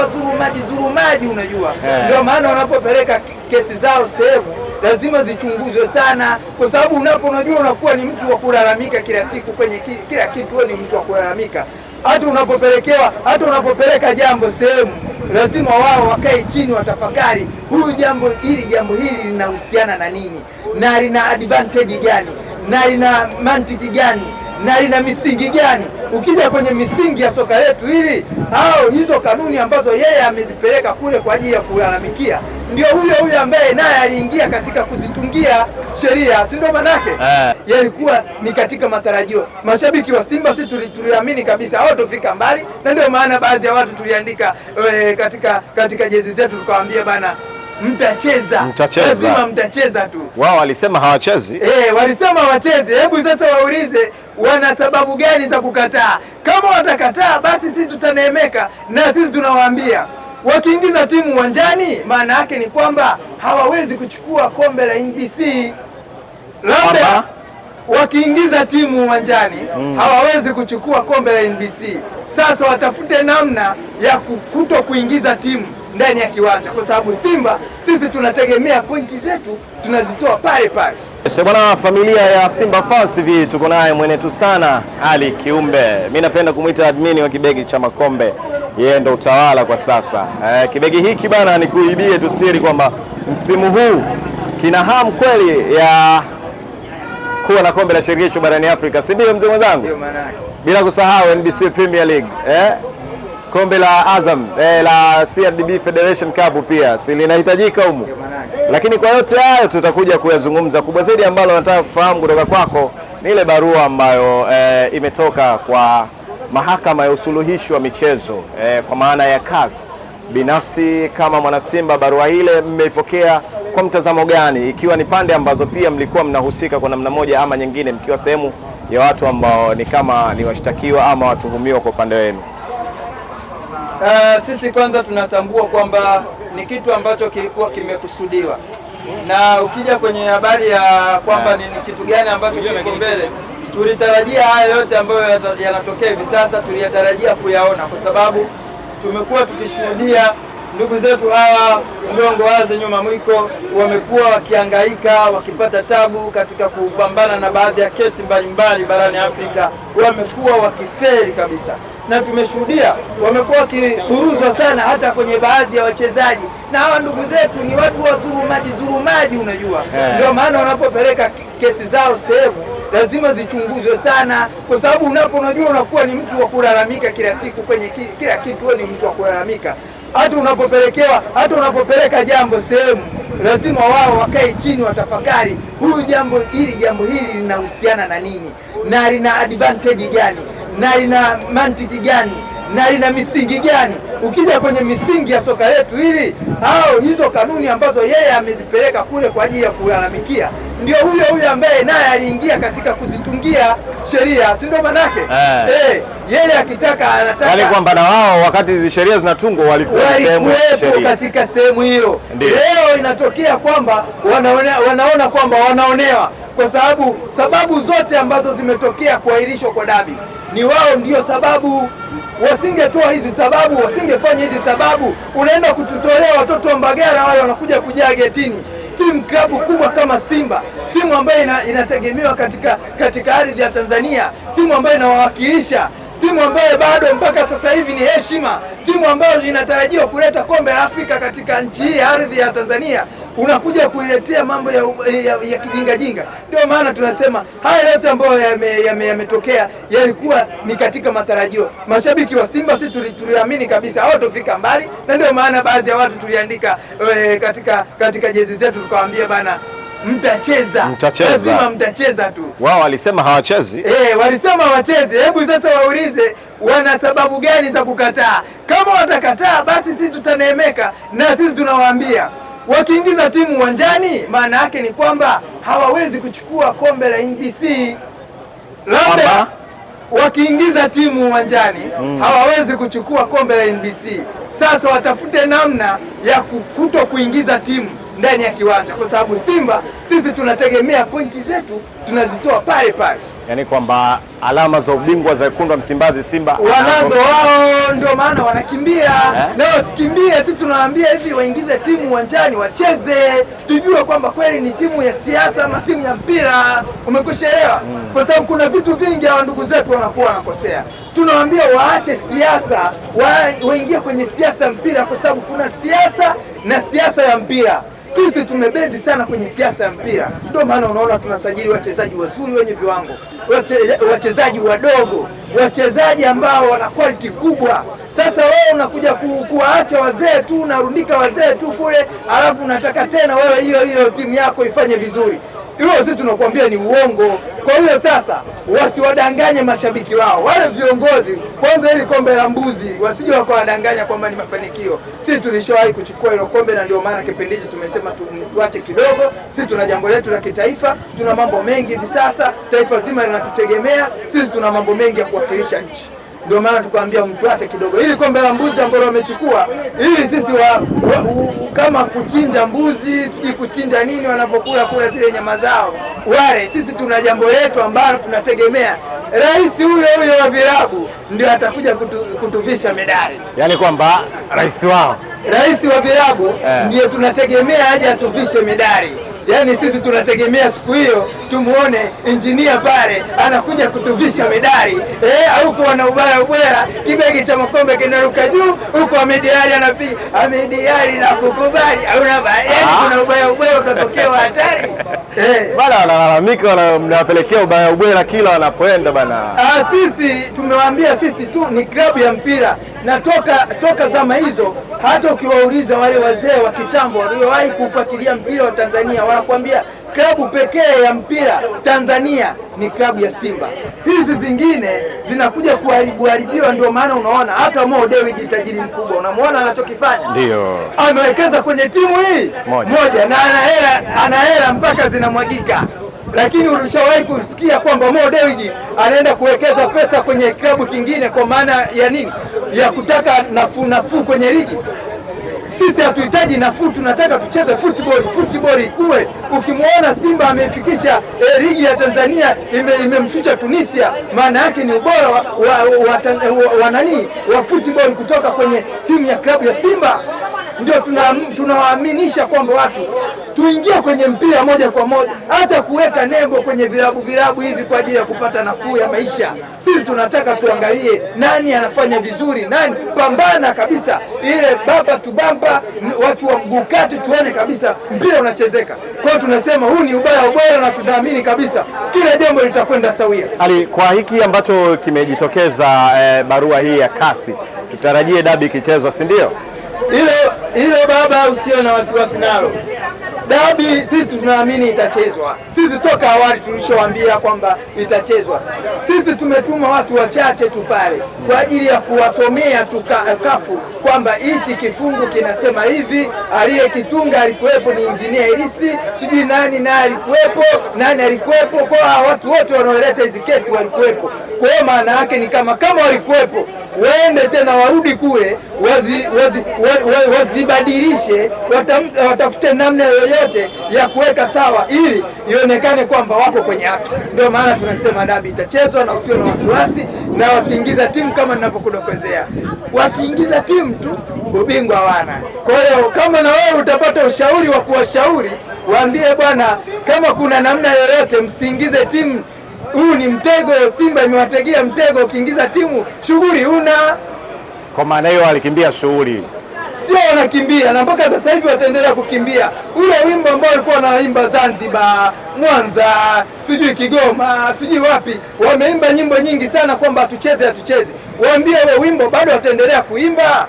walikuwa zurumaji zurumaji, unajua yeah. Ndio maana wanapopeleka kesi zao sehemu lazima zichunguzwe sana, kwa sababu unapo, unajua unakuwa ni mtu wa kulalamika kila siku kwenye kila kitu, wewe ni mtu wa kulalamika. Hata unapopelekewa hata unapopeleka jambo sehemu, lazima wao wakae chini, watafakari huyu jambo hili jambo hili linahusiana na nini na lina advantage gani na lina mantiki gani na lina misingi gani? Ukija kwenye misingi ya soka letu hili au hizo kanuni ambazo yeye amezipeleka kule kwa ajili ya kulalamikia, ndio huyo huyo ambaye naye aliingia katika kuzitungia sheria, si ndio? Manake eh. yalikuwa ni katika matarajio. Mashabiki wa Simba si tuliamini kabisa hao tufika mbali, na ndio maana baadhi ya watu tuliandika e, katika katika jezi zetu tukawaambia bana mtacheza lazima mtacheza tu. Wao walisema hawachezi, eh, walisema hawachezi. Hebu sasa waulize wana sababu gani za kukataa. Kama watakataa, basi sisi tutaneemeka, na sisi tunawaambia wakiingiza timu uwanjani, maana yake ni kwamba hawawezi kuchukua kombe la NBC. Labda wakiingiza timu uwanjani mm, hawawezi kuchukua kombe la NBC. Sasa watafute namna ya kuto kuingiza timu ndani ya kiwanja, kwa sababu Simba sisi tunategemea pointi zetu tunazitoa pale pale. Bwana familia ya Simba Fans TV tuko naye mwenetu sana Ali Kiumbe. Mimi napenda kumwita admini wa kibegi cha makombe, yeye ndo utawala kwa sasa. Eh, kibegi hiki bana, nikuibie tu siri kwamba msimu huu kina hamu kweli ya kuwa na kombe la shirikisho barani Afrika, si ndio mzee mwenzangu? Bila kusahau NBC Premier League eh? kombe la Azam eh, la CRDB Federation Cup pia si linahitajika humu, lakini kwa yote hayo tutakuja kuyazungumza. Kubwa zaidi ambalo nataka kufahamu kutoka kwako ni ile barua ambayo eh, imetoka kwa mahakama ya usuluhishi wa michezo eh, kwa maana ya CAS. Binafsi kama mwanasimba, barua ile mmeipokea kwa mtazamo gani, ikiwa ni pande ambazo pia mlikuwa mnahusika kwa namna moja ama nyingine, mkiwa sehemu ya watu ambao ni kama ni washtakiwa ama watuhumiwa kwa upande wenu? uh, sisi kwanza tunatambua kwamba ni kitu ambacho kilikuwa kimekusudiwa, na ukija kwenye habari ya kwamba ni kitu gani ambacho kiko mbele, tulitarajia haya yote ambayo yanatokea hivi sasa tuliyatarajia kuyaona, kwa sababu tumekuwa tukishuhudia ndugu zetu hawa mgongo wazi nyuma mwiko wamekuwa wakihangaika wakipata tabu katika kupambana na baadhi ya kesi mbalimbali barani Afrika, wamekuwa wakiferi kabisa na tumeshuhudia wamekuwa wakiburuzwa sana hata kwenye baadhi ya wachezaji, na hawa ndugu zetu ni watu wa zurumaji, unajua yeah. Ndio maana wanapopeleka kesi zao sehemu lazima zichunguzwe sana, kwa sababu unapo unajua unakuwa ni mtu wa kulalamika kila siku kwenye kila kitu, ni mtu wa kulalamika hata unapopelekewa hata unapopeleka jambo sehemu, lazima wao wakae chini watafakari, huyu jambo hili jambo hili linahusiana na nini na lina advantage gani? na lina mantiki gani na lina misingi gani? Ukija kwenye misingi ya soka letu hili au hizo kanuni ambazo yeye amezipeleka kule kwa ajili ya kulalamikia, ndio huyo huyo ambaye naye aliingia katika kuzitungia sheria, si ndio? Manake eh. Hey, eh, yeye akitaka anataka wale yaani kwamba na wao wakati sheria zinatungwa walikuwa sehemu katika sehemu hiyo. Leo inatokea kwamba wanaone, wanaona kwamba wanaonewa kwa sababu sababu zote ambazo zimetokea kuahirishwa kwa dabi ni wao ndio sababu. Wasingetoa hizi sababu, wasingefanya hizi sababu, unaenda kututolea watoto wa mbagara wale wanakuja kujaa getini. Timu klabu kubwa kama Simba, timu ambayo ina, inategemewa katika, katika ardhi ya Tanzania, timu ambayo inawawakilisha timu ambayo bado mpaka sasa hivi ni heshima, timu ambayo inatarajiwa kuleta kombe la Afrika katika nchi hii ya ardhi ya Tanzania unakuja kuiletea mambo ya, ya, ya kijingajinga. Ndio maana tunasema haya yote ambayo yametokea yame, yame yalikuwa ni katika matarajio. Mashabiki wa Simba si tuliamini kabisa hawatofika mbali, na ndio maana baadhi ya watu tuliandika e, katika, katika jezi zetu tukawaambia bana mtacheza lazima mtacheza tu. Wao walisema hawachezi e, walisema hawachezi. Hebu sasa waulize wana sababu gani za kukataa? Kama watakataa, basi sisi tutaneemeka, na sisi tunawaambia Wakiingiza timu uwanjani, maana yake ni kwamba hawawezi kuchukua kombe la NBC. Labda wakiingiza timu uwanjani mm, hawawezi kuchukua kombe la NBC. Sasa watafute namna ya kuto kuingiza timu ndani ya kiwanja, kwa sababu Simba sisi tunategemea pointi zetu tunazitoa pale pale yani kwamba alama za ubingwa za wekundu wa Msimbazi Simba wanazo wao, ndio maana wanakimbia eh? Na wasikimbie, sisi tunawaambia hivi, waingize timu uwanjani wacheze, tujue kwamba kweli ni timu ya siasa ama timu ya mpira. Umekushaelewa? mm. Kwa sababu kuna vitu vingi hawa ndugu zetu wanakuwa wanakosea. Tunawaambia waache siasa, waingie kwenye siasa mpira, kwa sababu kuna siasa na siasa ya mpira. Sisi tumebezi sana kwenye siasa ya mpira, ndio maana unaona tunasajili wachezaji wazuri wenye viwango, wachezaji wadogo, wachezaji ambao wana quality kubwa. Sasa wewe unakuja ku, kuwaacha wazee tu, unarundika wazee tu kule, alafu unataka tena wewe hiyo hiyo timu yako ifanye vizuri hilo sisi tunakuambia ni uongo. Kwa hiyo sasa wasiwadanganye mashabiki wao wale viongozi. Kwanza hili kombe la mbuzi wasije wakawadanganya kwamba ni mafanikio. Sisi tulishawahi kuchukua hilo kombe, na ndio maana kipindi hicho tumesema tu, tuache kidogo. Sisi tuna jambo letu la kitaifa, tuna mambo mengi hivi sasa, taifa zima linatutegemea sisi, tuna mambo mengi ya kuwakilisha nchi. Ndio maana tukaambia mtwate kidogo, ili kombe la mbuzi ambalo wamechukua, ili sisi wa, wa, u, kama kuchinja mbuzi sijui kuchinja nini, wanapokula kula zile nyama zao wale, sisi tuna jambo letu ambalo tunategemea rais huyo huyo wa vilabu ndio atakuja kutu, kutuvisha medali, yaani kwamba rais wao, rais wa vilabu eh, ndio tunategemea aje atuvishe medali yani sisi tunategemea siku hiyo tumuone injinia pale anakuja kutuvisha medali eh, huko wana ubaya ubwera, kibegi cha makombe kinaruka juu, huko amediari anapi amediari na kukubali auna ba, yani ah. kuna ubaya ubwera utatokea hatari eh, bana wanalalamika, mnawapelekea ubaya ubwera kila wanapoenda bana. Ah, sisi tumewaambia, sisi tu ni klabu ya mpira na toka toka zama hizo, hata ukiwauliza wale wazee wa kitambo waliowahi kufuatilia mpira wa Tanzania wa nakwambia klabu pekee ya mpira Tanzania ni klabu ya Simba. Hizi zingine zinakuja kuharibuharibiwa, ndio maana unaona hata Mo Dewji tajiri mkubwa, unamwona anachokifanya, ndio amewekeza kwenye timu hii moja, moja. na anahela hela mpaka zinamwagika lakini ulishawahi kusikia kwamba Mo Dewji anaenda kuwekeza pesa kwenye klabu kingine kwa maana ya nini? Ya kutaka nafuu nafuu kwenye ligi. Sisi hatuhitaji nafuu, tunataka tucheze football. Football ikue. Ukimwona Simba ameifikisha eh, ligi ya Tanzania imemshusha ime Tunisia, maana yake ni ubora wa, wa, wa, wa, wa, wa nani wa football kutoka kwenye timu ya klabu ya Simba ndio tunawaaminisha kwamba watu tuingie kwenye mpira moja kwa moja, hata kuweka nembo kwenye vilabu vilabu hivi kwa ajili ya kupata nafuu ya maisha. Sisi tunataka tuangalie nani anafanya vizuri, nani pambana kabisa, ile baba tubamba, watu wa mguu kati, tuone kabisa mpira unachezeka. Kwa hiyo tunasema huu ni ubaya ubora, na tunaamini kabisa kila jambo litakwenda sawia. Ali, kwa hiki ambacho kimejitokeza, eh, barua hii ya kasi, tutarajie dabi ikichezwa, si ndio? Ile hilo baba, usio na wasiwasi nalo. Dabi sisi tunaamini itachezwa. Sisi toka awali tulishowaambia kwamba itachezwa. Sisi tumetuma watu wachache tu pale kwa ajili ya kuwasomea tukafu kwamba hichi kifungu kinasema hivi, aliyekitunga alikuwepo ni injinia Ilisi, sijui nani na alikuwepo nani alikuwepo, kwa watu wote wanaoleta hizi kesi walikuwepo. Kwa hiyo maana yake ni kama kama walikuwepo waende tena warudi kule wazibadilishe, watafute namna yoyote ya kuweka sawa ili ionekane kwamba wako kwenye haki. Ndio maana tunasema dabi itachezwa na usio na wasiwasi, na wakiingiza timu kama ninavyokudokezea, wakiingiza timu tu ubingwa wana Kwa hiyo kama na wewe utapata ushauri wa kuwashauri, waambie bwana, kama kuna namna yoyote msiingize timu huu ni mtego, Simba imewategea mtego. Ukiingiza timu shughuli huna. Kwa maana hiyo alikimbia shughuli, sio wanakimbia, na mpaka sasa hivi wataendelea kukimbia ule wimbo ambao walikuwa wanaimba Zanzibar, Mwanza, sijui Kigoma, sijui wapi, wameimba nyimbo nyingi sana kwamba hatucheze, hatucheze. Waambie ule wimbo bado wataendelea kuimba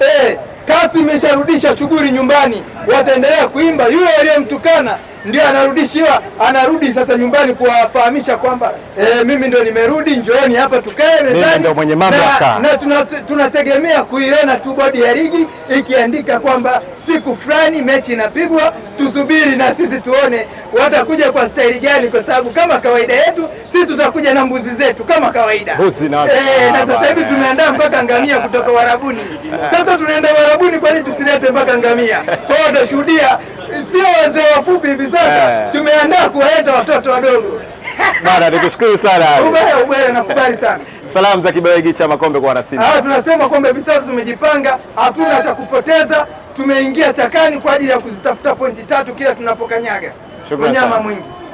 eh. Kasi imesharudisha shughuli nyumbani wataendelea kuimba. Yule aliyemtukana ndio anarudishiwa, anarudi sasa nyumbani kuwafahamisha kwamba e, mimi ndio nimerudi, njooni hapa tukae mezani, ndio mwenye mamlaka na, na tunategemea tuna kuiona tu bodi ya ligi ikiandika kwamba siku fulani mechi inapigwa. Tusubiri na sisi tuone watakuja kwa staili gani, kwa sababu kama kawaida yetu sisi tutakuja na mbuzi zetu kama kawaida na, e, na sasa hivi tumeandaa mpaka ngamia kutoka Warabuni. Sasa tunaenda Warabuni, kwani tusilete mpaka ngamia kwao? tunashuhudia, sio wazee wafupi hivi sasa yeah. Tumeandaa kuwaleta watoto wadogo bana. Nikushukuru sana ubaya ubaya, nakubali sana salamu za kibaegi cha makombe kwa wanasimba. Ah, tunasema kwamba hivi sasa tumejipanga, hatuna cha kupoteza, tumeingia chakani kwa ajili ya kuzitafuta pointi tatu kila tunapokanyaga. Shukrani sana. mwingi